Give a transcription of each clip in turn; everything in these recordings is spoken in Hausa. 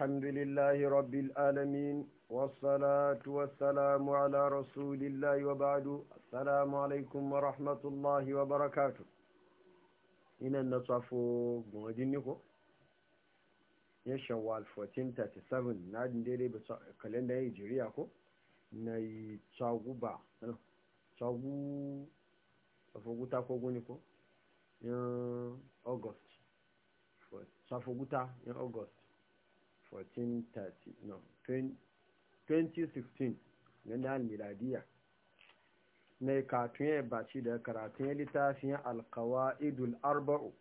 الحمد لله رب العالمين والصلاة والسلام على رسول الله وبعد السلام عليكم ورحمة الله وبركاته إن النصف مغدينيكو ya shawwal 1437 na jin daidai ba kalenda ya jiriya ko na yi tsaguba tsagu tsafoguta ko guni ko yan august tsafoguta yan august 1430 no 20, 2016 na miladiya katun ya baci da karatun ya littafin alkawa idul arba'u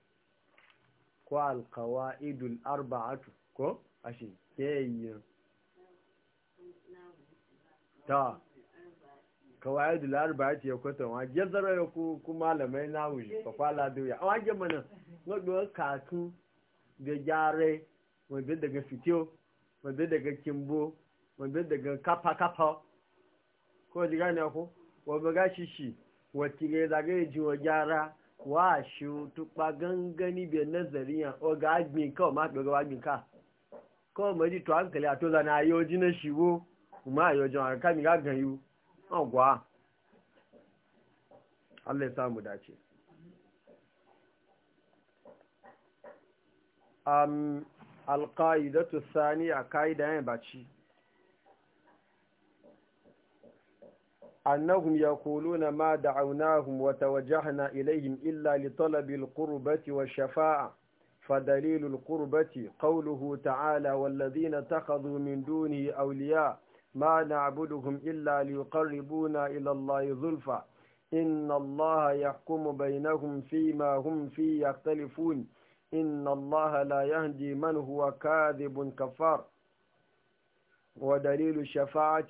ko alkawa idul arba'atu ko a shi keyin ta kawai idul arba'atu ya kwata wa jazara ya ku malamai na wuce kwakwala doya a wajen mana wadda katun da gyare wanda daga fitiyo wanda daga kimbo wanda daga kafa-kafa ko ji ko, ku wanda ga shishi, shi wata daga zagaye ji wa gyara wa shi tukpa gangani bai nazari ya o ga agbin ka o ma ɗoga wa agbin ka ko ma di to ankele, a to zana ayo ji na shi wo kuma ayo ji wa mi ga ganyu ọgwa Allah ya samu dace um, alƙa'idatu saniya ƙa'ida ya baci annahum yaquluna ma da'awnahum wa tawajjahna ilayhim illa li talabil qurbati wa shafa'a fa fadalilul qurbati qawluhu ta'ala wal ladhina takhadhu min duni awliya ma na'buduhum illa li yuqarribuna ila allahi zulfa inna allaha yahkumu bainahum fima hum fi yakhtalifun إن الله لا يهدي من هو كاذب كفار ودليل الشفاعة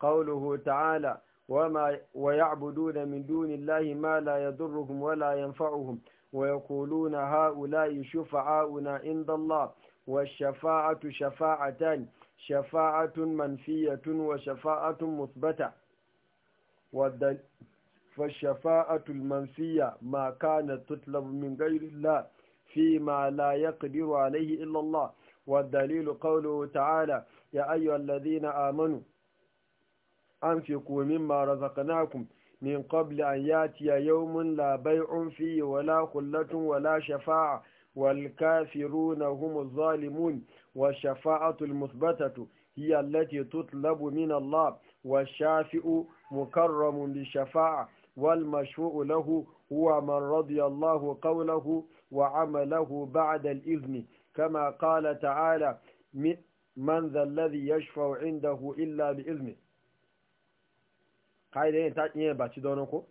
قوله تعالى وما ويعبدون من دون الله ما لا يضرهم ولا ينفعهم ويقولون هؤلاء شفعاؤنا عند الله والشفاعة شفاعتان شفاعة منفية وشفاعة مثبتة فالشفاعة المنفية ما كانت تطلب من غير الله فيما لا يقدر عليه إلا الله والدليل قوله تعالى يا أيها الذين آمنوا أنفقوا مما رزقناكم من قبل أن ياتي يوم لا بيع فيه ولا خلة ولا شفاعة والكافرون هم الظالمون والشفاعة المثبتة هي التي تطلب من الله والشافئ مكرم بشفاعة والمشفوع له هو من رضي الله قوله وعمله بعد الإذن كما قال تعالى من ذا الذي يشفع عنده إلا بإذنه قاعدة ينتهي باتي دونكو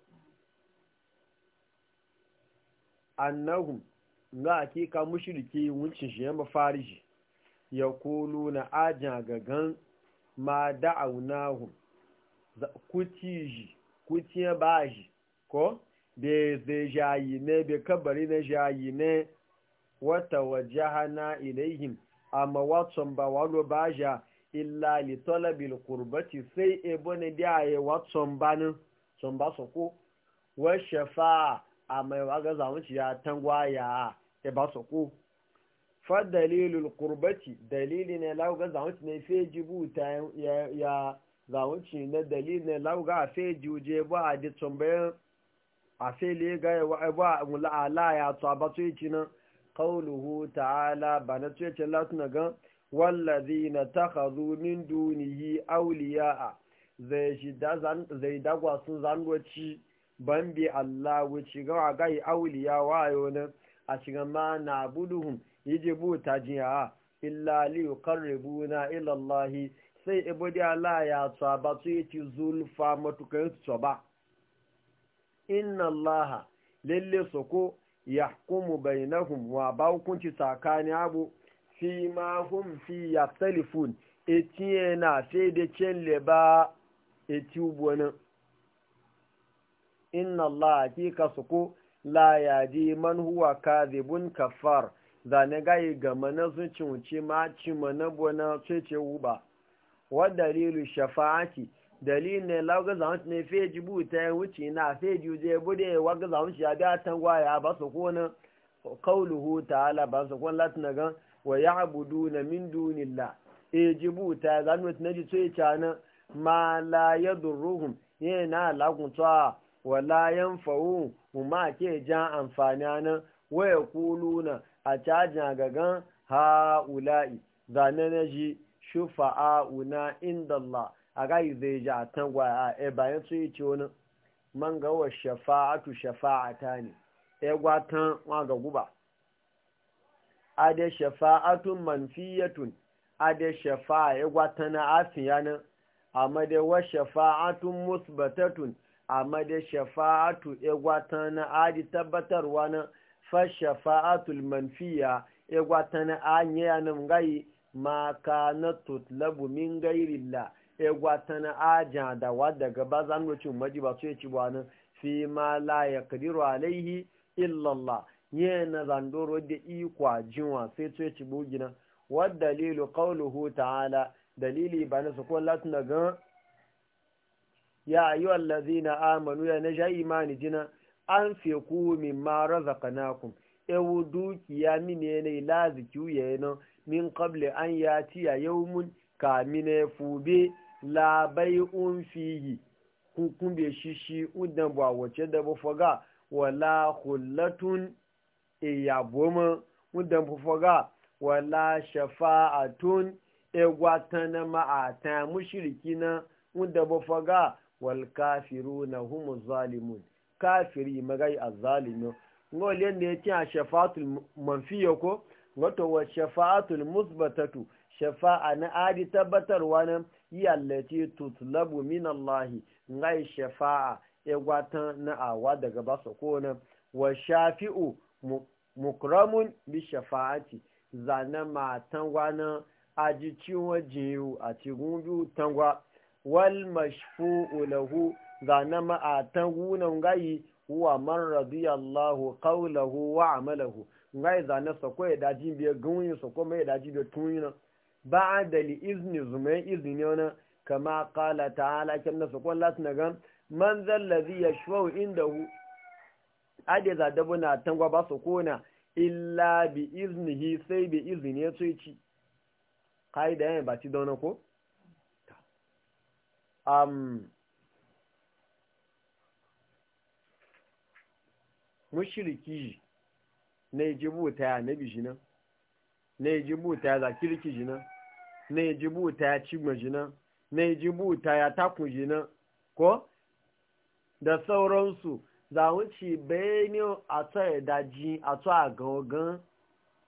annahum ga hakika mushriki wuncin shi yamma fariji ya kulu na ajin gagan ma da'aunahum kutiji kutiya baji ko desde jayi ne bai kabari na jayi ne wata wajahana ilaihim amma watson ba walo ba ja illa li talabil qurbati sai e ne da ya watson ba ne son ba so ko wa shafa amma e wa ga zamu ci ya tangwa ya e ba so ko fa dalilul qurbati dalili ne lawo ga zamu ci ne fe jibuta ya ya zamu ci ne dalili ne lawo ga fe juje ba a ji tambayar a sai le gaya wa ba mula'ala ya to ba to yi nan qawluhu ta'ala bana to yace Allah tuna ga wallazina takhadhu min dunihi awliya'a zai shi da zan zai dagwa sun zangoci bambi Allah wuci ga ga awliya yau nan a shiga ma na buduhum yaje bu tajiya illa li yuqarribuna ila Allah sai ibodi e Allah ya tsaba ba ci zulfa matukan so ba inna allaha lalle soko yahkumu bainahum wa ba hukunci tsakani abu fi ma hum fi yaftalifun etiye na sai da cin leba eti ubuwanin inna allaha hakika ko la yaji man huwa kadhibun kafar zane gaye ga na sun ma ci mana sai ce uba wa dalilu shafa'ati dalilin ne lauga ga zaunci ne fe jibu ta ya wuce na fe ji je bude wa ga zaunci ya biya tan gwaya ba su kona kauluhu ta'ala ba su kona latin gan wa ya'buduna min dunillah e ta ta zan mutun naji tsoye ya na ma la yadurruhum yana lagun tsawa wa la yanfa'u ma ke jan amfani na wa yaquluna a cajin gagan ha'ula'i zananaji shufa'a'una inda Allah agaghị zai ji gwa a e bayan sun yi ci wani man ga wa shafa'atu shafa'ata ne gwa tan wa ga guba a ade shafa'atun manfiyatun ade shafa'a e gwa tan na afiya nan ma dai wa shafa'atun musbatatun ma dai shafa'atu e gwa tan na adi tabbatarwa nan fa shafa'atul manfiya gwa tan na anya nan gai ma na tutlabu min la' egwatana aja da wadda gaba za mu cin maji ba su ya ci ba nan fi ma la ya kadiru alaihi illallah ye na zandoro da ikwa jinwa sai su ya ci bugina wadda dalilu qawluhu ta'ala dalili ba na su ko latin ga ya ayu allazina amanu ya naja imani jina an fi ku ma razaqnakum ewu dukiya mine ne laziki yana min qabli an yati yawmun kamine fube labai un fihi kun be shishi udan ba wace da bu faga wala hullatun iya e boma udan bu faga wala shafa'atun egwatana ma'ata mushriki na udan bu faga wal kafiruna humu zalimun kafiri magai azzalimin ngol yanda yake a shafa'atul manfiya ko wato wa shafa'atul musbatatu shafa'a na adi tabbatarwa na yallace tutlabu min Allahi ngai shafa'a egwatan na awa daga ba su kona wa shafi'u mukramun bi shafa'ati zana ma tangwa na aji ciwon jiyu a cikin biyu tangwa wal mashfu'u lahu zana ma a gayi wa man radiyallahu qawlahu wa amalahu ngai zana sako ya daji biya gunyin sako mai daji biya na. ba a dali izini zume izini wani kama kala ta halakin nasu kwallas na gan man ya shawo inda hu a na tangwa su kona illa bi izini sai bi izini ya soye ci kai da yanayi ba ci daunan ko? na ijibu ta ya na bi shi na ijibu ta ya za kirki shi nan na ya ji buta ya ci majina na ya ji buta ya taku jina ko da sauransu za wuce bayani a ta ya daji a ta a gangan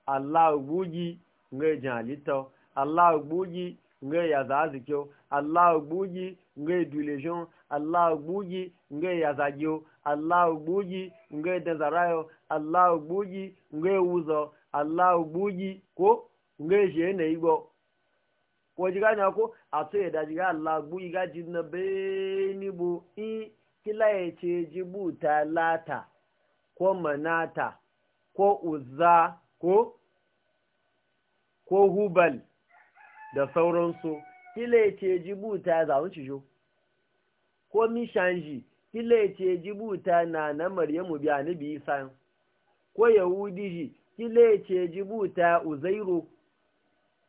Allah gbogi nga jin halitta Allah gbogi nga ya za zikiyo Allah gbogi nga dulejon Allah gbogi nga ya zagiyo Allah gbogi nga da Allah gbogi nga wuzo Allah gbogi ko nga je igbo ko ji gane ko a to ya daji ga Allah bu iga jinna be ni bo i kila ya ce jibuta lata ko manata ko uzza ko ko hubal da sauransu kila ya ce jibuta za mu cijo ko mishanji kila ya ce jibuta na na maryamu biya ni bi isa ko yahudi ji kila ya ce jibuta uzairu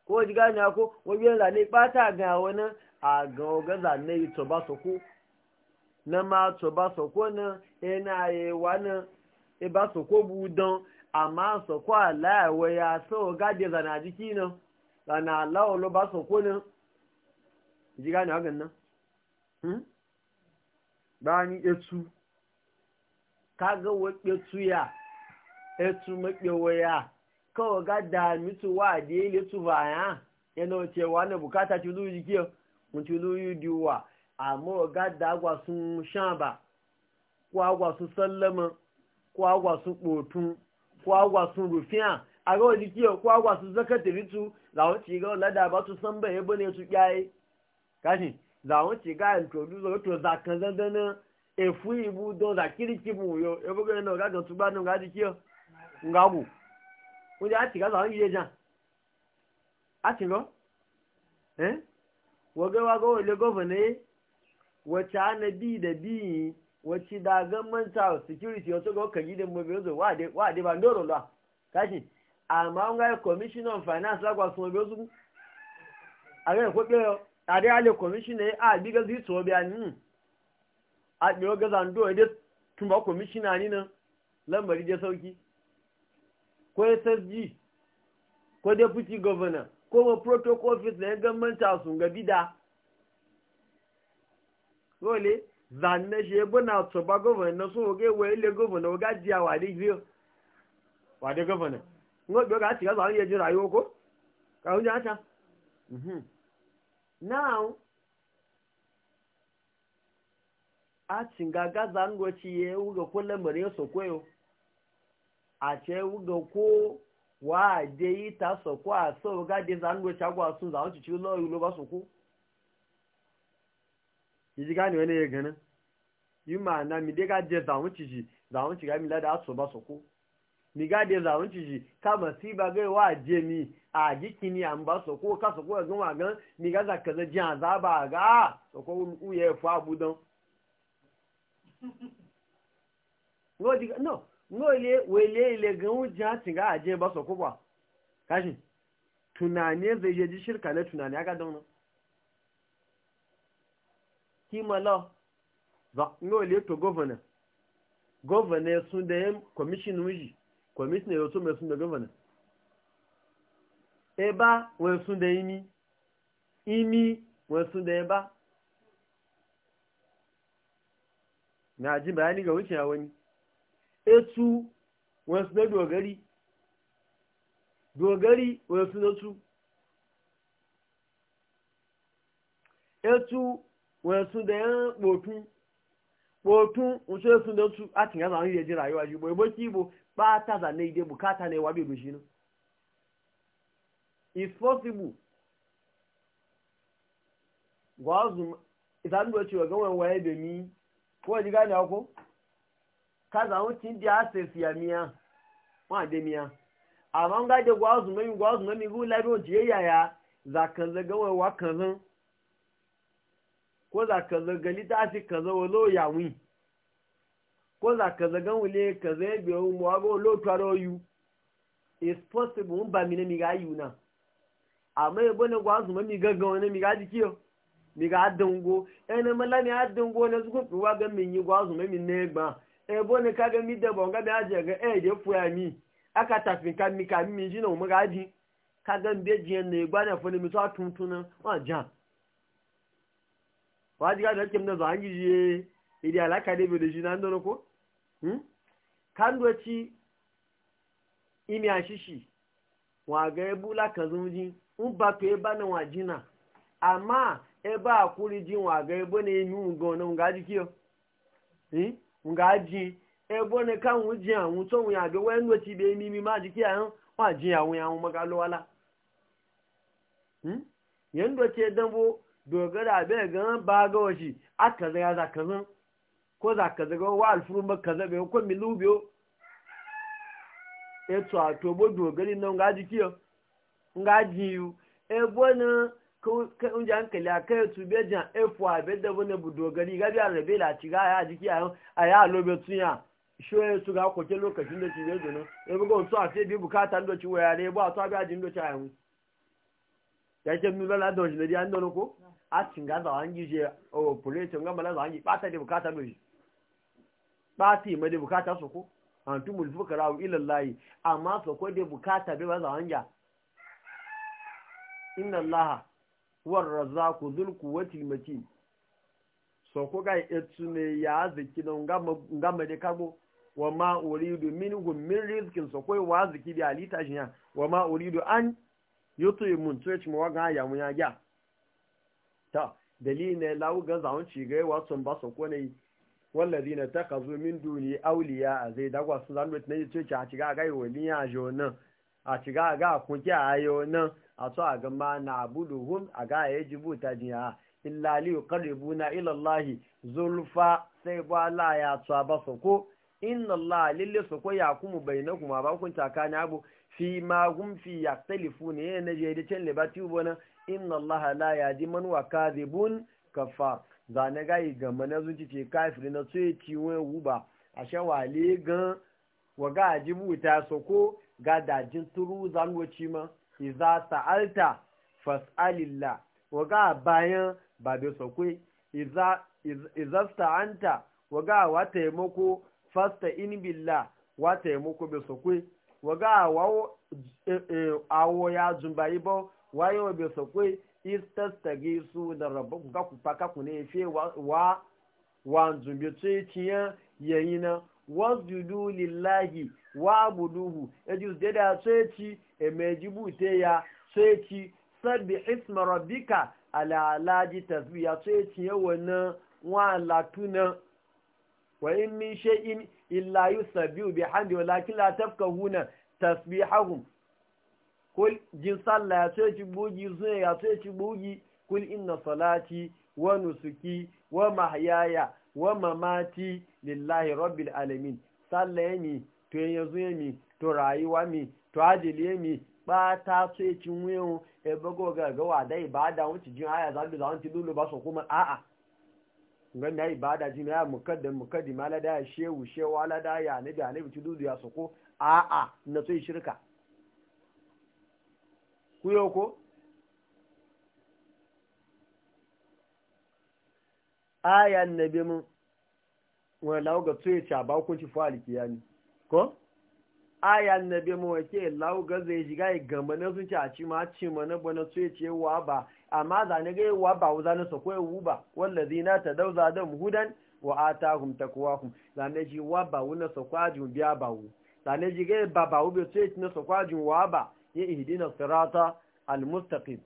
ko ji gane ko wajen zane bata ga wani a ga zane na ba su ku na ma to soko na ko e na eba e soko bu e ba su ko budon amma su ko alayewa ya so gaje zana jiki nan zana alawolo ba su ko nan ji gane hakan nan ba ni etu kaga wa etu ya etu makewa ya kawai ga dami su wa da ya? su baya yana cewa na bukata ci zuwa jikiyo mun ci zuwa diwa amma ga da agwa sun shan ba ko agwa sun sallama ko agwa sun ɓotun ko agwa sun rufiya a ga wani kiyo ko agwa sun zaka tiritu za wani ci ga lada ba su san bai yabo ne su kyaye kashi za wani ci ga introduce wato za kan zandana efu ibu don za kiriki mu Ebe ebo ga yana ga ga tuba nun ga jikiyo ngagu wọ́n jẹ́ àti gáza oúnjẹ jà àti lọ wọ́n gẹ́ wá gọ́wọ́ ilé gọ́vọ̀nà yé wọ́chá na bí da bí yìí wọ́chí da gọ́ọ̀mẹ́ntà security ọ̀tọ́ gọ́ kàn yìí dẹ̀ wà á dé bá ndọ́rọ̀ lọ káṣí àmọ́ àwọn gáyé commissioner of finance lágbà sùn ọbẹ̀ ọ̀sùn àwọn ẹ̀kọ́ pé àdé alẹ́ commissioner àbí gẹ́gẹ́ sí sọ̀rọ̀ bí i àní àgbẹ̀rọ̀ gẹ́gẹ́ sàndó túnbọ̀ commissioner nínú lẹ́mọ̀rí jẹ́ sọ́kí. ko SSG ko deputy governor ko ma protocol office na gwamnati su ga bida dole na shi na tsoba governor na so oge wa ile governor ga jiya wa gbe biyo wa de governor ngo do ga tiga zan yeji rayuwa ko ka hunja ta mhm now a cinga ga zango ci ye uga kullum bare so koyo a ce ga ko wa de yi ta a so ga de zan go chagwa sun zan lo yu lo ba so ko ni yi ma na mi de ga de zan ci ga mi la da so ba so mi ga de zan kama si ba wa je mi a ji kini an ba so ka so ko e ga ma gan mi ga za za ba ga so ko fa no ngole wele ile ga wujan ga aje ba so kubwa kashi tunani zai je ji shirka na tunani aka dauna kimala za ngole to governor governor sun da yan commission wuji commissioner yo so me sun da governor eba wani sun da imi imi wani sun da eba na ji bayani ga wuce wani etu wasu na dogari dogari wasu na tu etu wasu da yan ɓotun ɓotun wasu e yasu da tu a cikin yasa wani yaji rayuwa ji bai baki bo ba ta zane ide bukata ne wabe gushi possible gwazu idan da cewa gawan waye da ni ko ji gane ko kaza wucin da ase siya miya wa de miya amma ga de gwa zuma mi gwa zuma mi gula bi ya yaya za kan zaga wa wa kan ko za kan zaga gali ta si kan zawa lo ya wi ko za kan gan wule kan zaga bi o mo go lo ro yu is possible ba mi ne mi ga yu na amma e, e ne gwa zuma mi gaga wani mi ga dikiyo mi ga dungo ene mala ni a dango ne zugo wa ga mi ni gwa zuma mi ne gba ebo ne ga mi da bonga bi aje ga e eh, je fu ami aka tafin ka mi ka mi no mu ga di kaga mbe je ne gba na fo ni mi tun na wa ja wa diga da kim ji e di ala ka de bi de na hmm? ndo ko hm kan do ci imi ashishi wa ga bu la kan ji un ba pe ba na wa ama e ba akuri ji wa ga bo ne inu ngon na ga ki. o hm nga ji ebo ne ka wu ji awun to wu ya be we nwo ti be mi mi ma ji ki an wa ji awun awun maka lo wala hm yen e do ce dan bo dogara be gan ba ga washi aka za za kazan ko za ka zaga wa alfuru ba kaza be ko mi lubiyo e to a to bo dogari nan nga ji ki nga ji yu ebo na ka ji hankali a be jan e a be da wani a rabe la ci gaya a jiki a ya lobe tunya shoye su ga koke lokacin da ci zai zono ya e buga wasu a bi bukata ndo waya ne ba a e tabi ajin ndo ci ya ke nuna la don shi da diyan dono ko a cinga za ji je o police la ma ko fukara amma ko huwar razaku dhul quwwati matin so ko ga ne ya ziki don gama de kago wa ma uridu minhu min rizqin so koi e wa ziki bi alita shiya wa ma uridu an mun to yace mawa ga ya mun ya ya ta dalili ne lawo ga zaun ci ga wa sun ba so ko ne wallazina takazu min duni awliya zai dagwa sun zan ne to e ci a ci ga ga waliya ya jona a ci ga ga kun ki ayo nan a to a gama ma na abuduhum a ga ya ji buta jiya illa li na ilallahi zulfa sai ba la ya to ba su ko inna Allah lille su ko ya kuma bainakum ba kun takani abu fi ma hum fi yaktalifuna ne na je da can libati bona inna Allah la yahdi man wa kadhibun kafar zane gayi ga mana zuci ce kafiri na ci ciwon wuba a shawale gan wa ga ajibu ta ko ga dajin turu zangoci ma iza sa'alta fas'alillah waga bayan ba da sokwe iza iza sta'anta waga wa taimako fasta in billah wa taimako be sokwe waga wa awo ya zumbayi bo wayo be sokwe istastagi su da rabbu ga ku paka ku ne fe wa wa zumbi ce ciyan yayina wasjudu lillahi wa'buduhu yaji sujada sai ci emejibu te ya ci sabbi isma rabbika ala alaji tasbiya sai ci yawana wa latuna wa in min shay'in illa yusabbihu bihamdi walakin la tafkahuna tasbihahum kul jin sallah ya sai ci bugi zuwa ya ci bugi kul inna salati wa nusuki wa mahyaya wa mamati lillahi rabbil alamin sallaye mi to yanzu mi to rayuwa mi to ajiliye mi ba ta so ci wuyan e bago ga ga wa da ibada wuce jin aya za bi za wanti lulu ba so kuma a'a ngan da ibada jin ya mukaddam mukaddima ala da shehu shewa la da ya ne da ne bi lulu ya so ko a'a na so shirka kuyo ko aya nabi mun wani lauga tsoye ca ba kun ci fa'ali kiyami ko aya nabi mun wake lauga zai shiga ya gamba na sun ci a ci ma ci ma na bana tsoye ce wa ba amma zane na gai wa ba wuza na sako wu ba wanda zina ta dauza da hudan wa ta hum kowa hum zane na wa ba wuna sako ajin biya ba wu zane na ji gai ba ba wube tsoye na sako ajin wa ba ya ihidina sirata al-mustaqim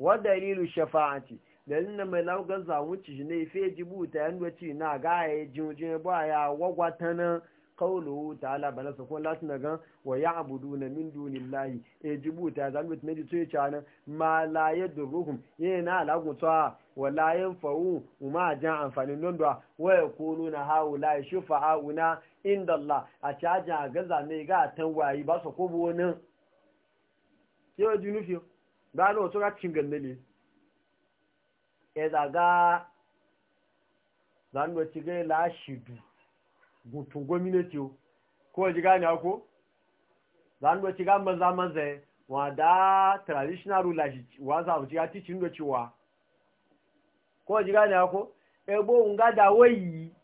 wa dalilu shafa'ati garin na mai laugar zamuci shi ne fe ji buta yan wace na gaya jinjin ba ya wagwata kawulu ta ala bala su kun lati nagan wa ya abudu na min lahi e ji buta zan mutu meji tsoye canan ma laye ya ruhun yana na alagun tsawa wa la fa'u a jan amfanin don waya kolo na hawo laye ya shufa auna inda Allah a cajin a gaza ne ga tan wayi ba su kobo nan yau ji nufi wasu gannale ya zaga zanuwa ci gai lashidu gutun gwamnati ko ji gani ako zanuwa ci gan maza maza wa da traditional ruler wa za ci ga ticin da cewa ko ji gani ako ebo nga da wayi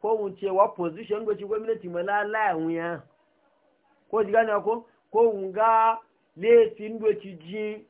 ko mun ce wa position go ci gwamnati malala ya ko ji gani ako ko nga le tin do ci jin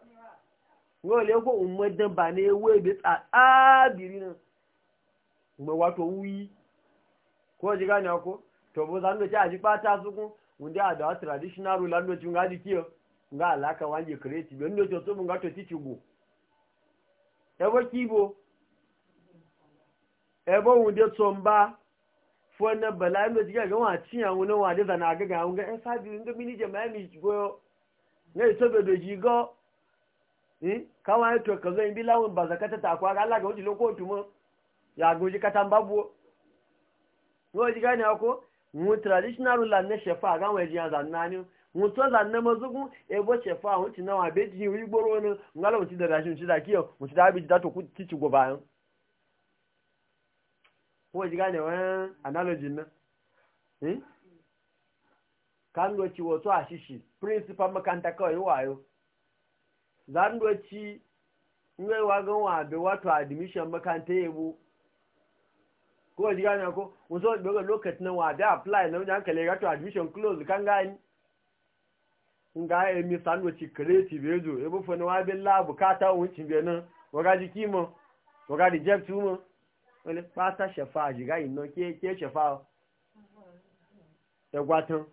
wọ́n lè kó umardan ba na ewu ebe tsabiri nan ma wato wuyi ko ji gane ko to bo zan ci a ji fata su kun wanda a da traditional ruler no cin gaji nga alaka wanje ga to ti chugo ebo kibo ebo wunde tsomba fona bala ndo ti ga wa ci an wona wa de zana ga ga ga e eh, sabi ndo mini je mai káwọn ètò kẹzọ ibi láwọn bàzàkátà tàkọ ara alága ó ti lókó òtúmọ́ yàgò jí ya ń bá bú wọ́n jí gáni ọkọ́ mu traditional la ní ṣẹfà àgáwọn ẹ̀jì àzà náà ni wọn tó zà ní mọ́sókún ẹbọ́ ṣẹfà àwọn wuce náwọn àbẹ́jì be orí gbóró ní ngálà wọn ti dàdà sí wọn da dà kí ọ wọn ti dábì dátò ti ti gbọba yẹn wọ́n jí gáni wọ́n analogy náà eh? kánú ti wọ́n tó àṣìṣì principal makanta zan doci ngai wa be wato admission makanta yebo ko ji gane ko mu so daga lokacin nan wa da apply na wajen kale ga to admission close kan gani nga e mi san doci creative ezo yebo fo na wa be la bukata wuncin be nan waga ji kimo waga reject mo wale pata shafa ji ga ino ke ke shafa ya gwatan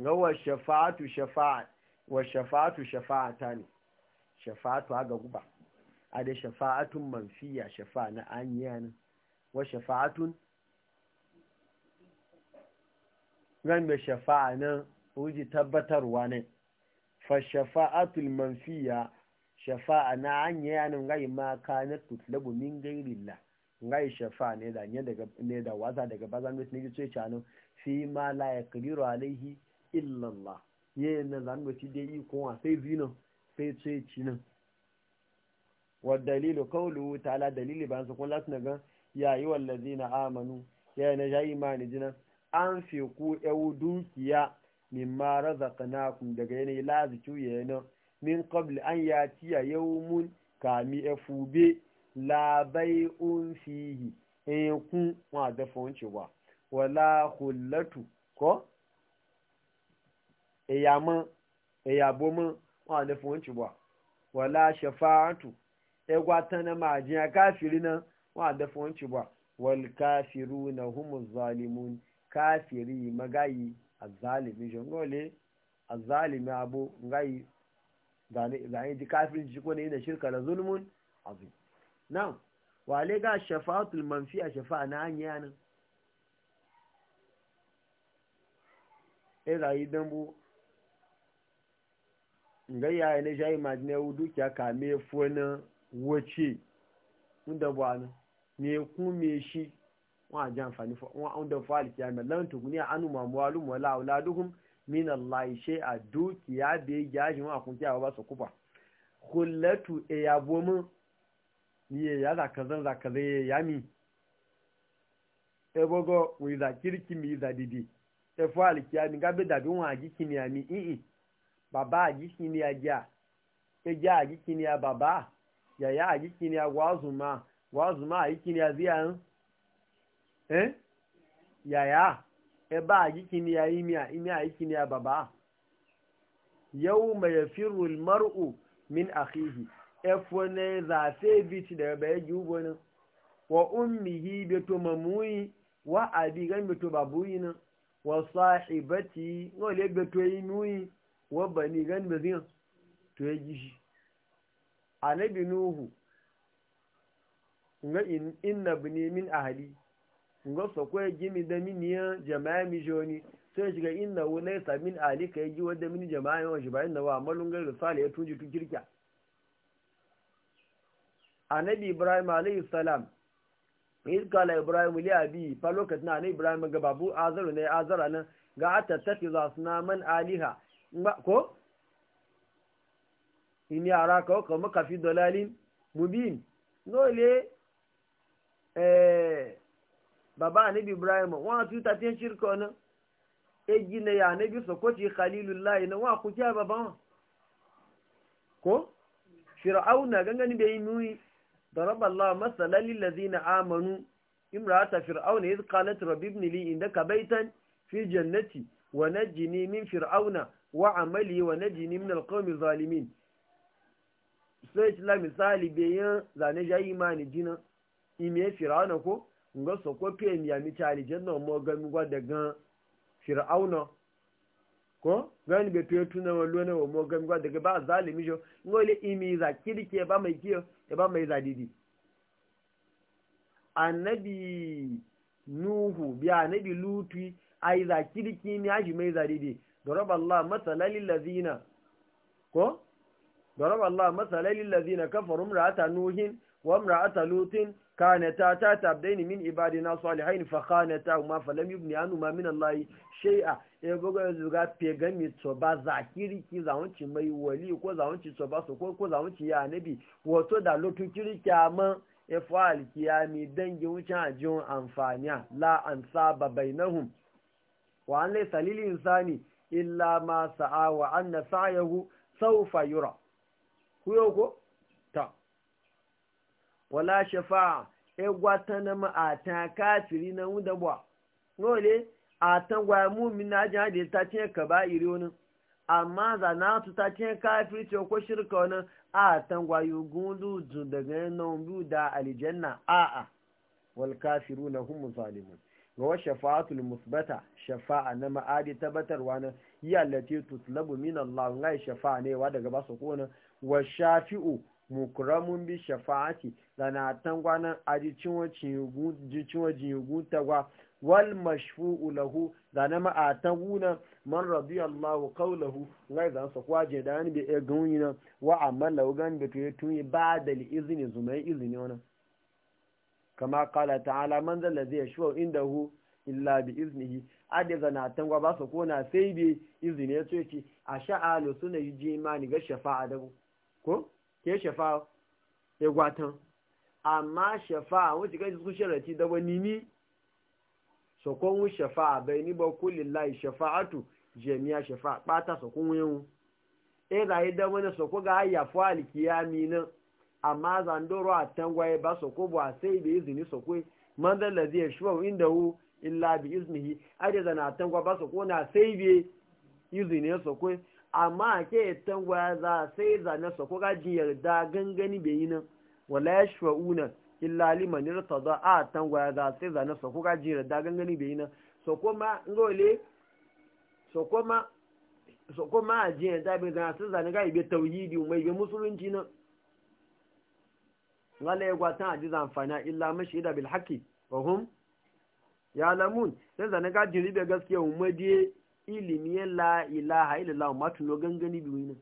nga wa shafa'atu shafa'a wa shafa'atu shafa'ata ne shafa'atu aga guba a da shafa'atun manfiya shafa na aniya nan wa shafa'atun ran da shafa'a nan wuji tabbatarwa ne fa shafa'atul manfiya shafa'a na aniya nan gai ma kana tutlabu min gairillah ngai shafa ne da ne daga ne da waza daga bazan ne ce canin fi ma la yaqdiru alaihi illa Allah yayin nan zan shi dai iko a sai zinon sai ce ci nan wa dalilu qawlu ta'ala dalili ba su na na ga ya yi wallazina amanu ya na ja imani jina an fi ku yau dukiya ma razaqnakum daga yanayi laziku yana min qabl an ya yau yawmun kami efube la bai'un fihi in kun wa da wa wala hullatu ko eya mọ́ eya bó mọ́ wọn à lè fún oúnjẹ wà wọ́n lá ṣẹfàátù ẹgbà tán náà máa jẹ́ káfìrí náà wọn à fún oúnjẹ wà wọ́n káfìrú na humu zalimu káfìrí magayi azalimi jọ ngọ́ lé azalimi abo ngayi zane ji kafin ji kone yana shirka da zulmun abu now wale ga shafa'atul manfi a shafa'a na hanya na? ɗaya rayu don dánbó gayya ya na shayi majina ka me kame fona wace inda ba na ne me shi wa ji amfani wa an da fa alkiyama lan tukuni anu ma mamwalu wala auladuhum min Allah shay'a dukiya be gajin wa kun kiyawa ba su kufa kullatu e yabo mun ye ya za kazan za kaze yami e bogo wi za kirki mi za didi e fa alkiyami ga be da bi wa ji kini yami i i baba ajikini ya ja eja ajikini ya baba yaya ajikini ya wazuma wazuma ajikini ya ziyan eh yaya eba ajikini ya imiya imiya ajikini ya baba yau mai firul mar'u min akhihi efo ne za se biti daga bai ji ubonin wa ummihi beto mamuyi wa abi gan beto babuyi nan wa sahibati ngole beto yi nuyi Wa ba ní gan mẹ́rin tó yẹ jí shi anabi nuhu nga inna bini min ahli nga sokwe gimi da min ya jama'a mi joni sai shiga inna hu laysa min ahli kai ji da min jama'a wa shi bayan da wa amalun da risala ya tunji tu kirkiya annabi ibrahim alayhi salam iz kala ibrahim li abi fa lokacin annabi ibrahim ga babu azaru ne azara nan ga atattakiza man aliha ko ini araka ọkọ̀ mọ́ka fi dọ̀lálín mubin lóòlé eh, bàbá àníbi ibrahim wọ́n á túta tí ń ṣírkọ̀ ọ̀nà ejì na yà àníbi sọ̀kọ́tì khalilu láì na wọ́n àkójá bàbá wọn ko fir'auna gangan bai nuni daraba Allah masala lil ladina amanu imra'ata fir'auna iz qalat rabbi ibn li indaka baytan fi jannati wa najjini min fir'auna wa amali wa najini min alqawmi zalimin sai ci la misali bayan zane ja imani jina ime fir'auna ko nga so ko pe mi ami chali janna mo ga mi gwa gan fir'auna ko gani be pe tuna wa lona wa mo ga mi gwa daga ba zalimi jo ngole imi za kirike ba mai kiyo e ba mai zadidi annabi nuhu bi annabi lutu ai za kiriki ni aji mai zadidi ضرب الله مثلا للذين كو ضرب الله مثلا للذين كفروا امرأة نوح وامرأة لوط كانتا تتعبدين من عبادنا صالحين فخانتاهما فلم يغن عنهما من الله شيئا ya buga zuga pegami tsoba zakiri ki zaunci mai wali ko zaunci tsoba so ko ko zaunci ya nabi wato da lotun kirki amma efu alkiyami dangin wucin ajiyar amfaniya la an bainahum wa an lai salili insani illa ma sa'a wa anna sa'yahu sawfa yura kuyo ko ta wala shafa'a e gwatana ma ata kafiri na wunda bwa nole ata gwa mu'mina ja da ta cin ka ba iri wani amma za na tu ta cin kafiri ce ko shirka wani ata gwa yugundu daga nan biyu da aljanna a'a wal kafiruna hum zalimun wa shafa'atul musbata shafa'a na ma'adi tabbatarwa na ya lati tutlabu min Allah ngai shafa'a ne wa daga basu kona wa shafi'u mukramun bi shafa'ati lana tangwana aji cinwa cingu ji cinwa jingu tagwa wal mashfu'u lahu lana ma'ataguna man radiyallahu qawluhu ngai zan su kwa je da ni bi e wa amalla gan bi to yi ba da li izni zumai izni wannan kama kala ta'ala man zalla zai shuwa hu illa bi iznihi ade zana tangwa ba su kona sai bi izini ya ce a sha'alu suna yi ji imani ga shafa'a da ko ke shafa'a ya e gwatan amma shafa'a wacce kai su sharati da wani ni sokon shafa'a bai ni ba kullillahi shafa'atu jami'a shafa'a bata sokon yau eh da wani sako ga ayyafu alkiyami nan amma zandoro a tangwaye ba ko ba sai da izini su kwe man inda hu illa bi iznihi aje zana tangwa ba su na sai bi izini su kwe amma ke tangwa za sai zana ko gaji yarda gangani illa liman irtada a tangwa za sai zana su ko gaji yarda gangani bai yi ngole so so aje zana sai zana ga ibe tauhidi wala ya gwatan a jizan fana illa mashi da bilhaki wa hum ya lamun sai zane ga jiri da gaskiya umadiye ilimi ya la ilaha illallah matu no gangani biyu ne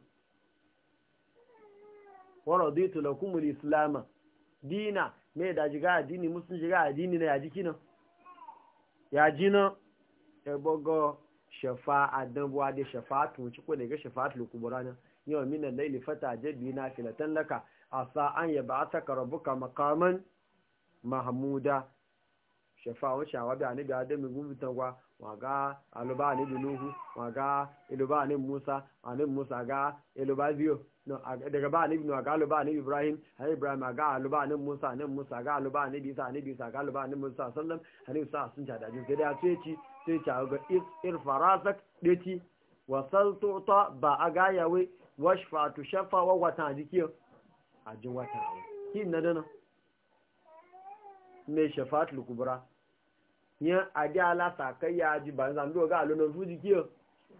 wa raditu lakum al-islam dina me da jiga addini musun jiga addini na ya jiki nan ya ji nan ya e bogo shafa'a dan shafa da shafa'atu ci ko daga shafa'atu yau mina al-layli fata jabi na filatan laka asa an ya ba ta karabuka makaman mahmuda shafa'u shawa da ni gwa waga aluba ni binuhu waga iluba ni musa ani musa ga iluba biyo no daga ba ni binu ga aluba ni ibrahim ha ibrahim ga aluba ni musa ni musa ga aluba ni bisa ni bisa ga aluba ni musa sallam sa sun da ji da ci sai ta ga ba aga yawe washfa tu shafa wa wata dikiyo a jin wata hawa yi na dana mai shafatul kubra ya adi alasa sakayya ya ji ba zandu ga alonan fuji kiyo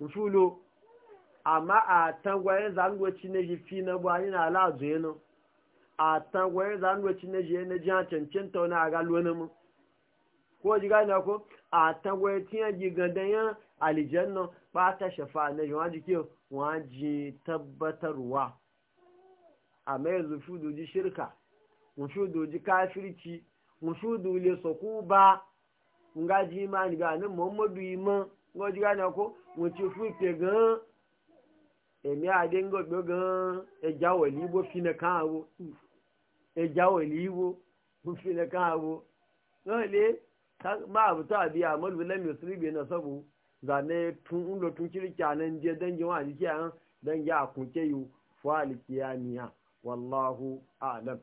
ufulo amma a tangwayen zandu ci ne ji fi na buwani na ala zuye nan a tangwayen zandu ci ne ji yana jihan cancanta wani a ga na mu ko ji gani ko a tangwayen tiyan ji gandayen alijan nan ba ta shafa ne ji wani ji kiyo wa ji tabbatarwa a yanzu fudoji shirka mun kafirci mun fudole soko ba nga gaji imani ga nan muhammadu iman nga gane ko mun ci fufe gan nga àdéńgògbò gan ẹja e wẹ̀lì ibo fínà kan àwo ẹja e wẹ̀lì ibo fínà kan àwo náà lé máa bùtọ́ àbí àmọ́lùmí lẹ́mí òsínú ìgbé náà sọ́bù zànà tún tun lo tún kiri kí je ń jẹ dẹ́njẹ́ wọn àdìkí àán dẹ́njẹ́ àkùnjẹ́ yìí fún àlìkí àníyàn. والله أعلم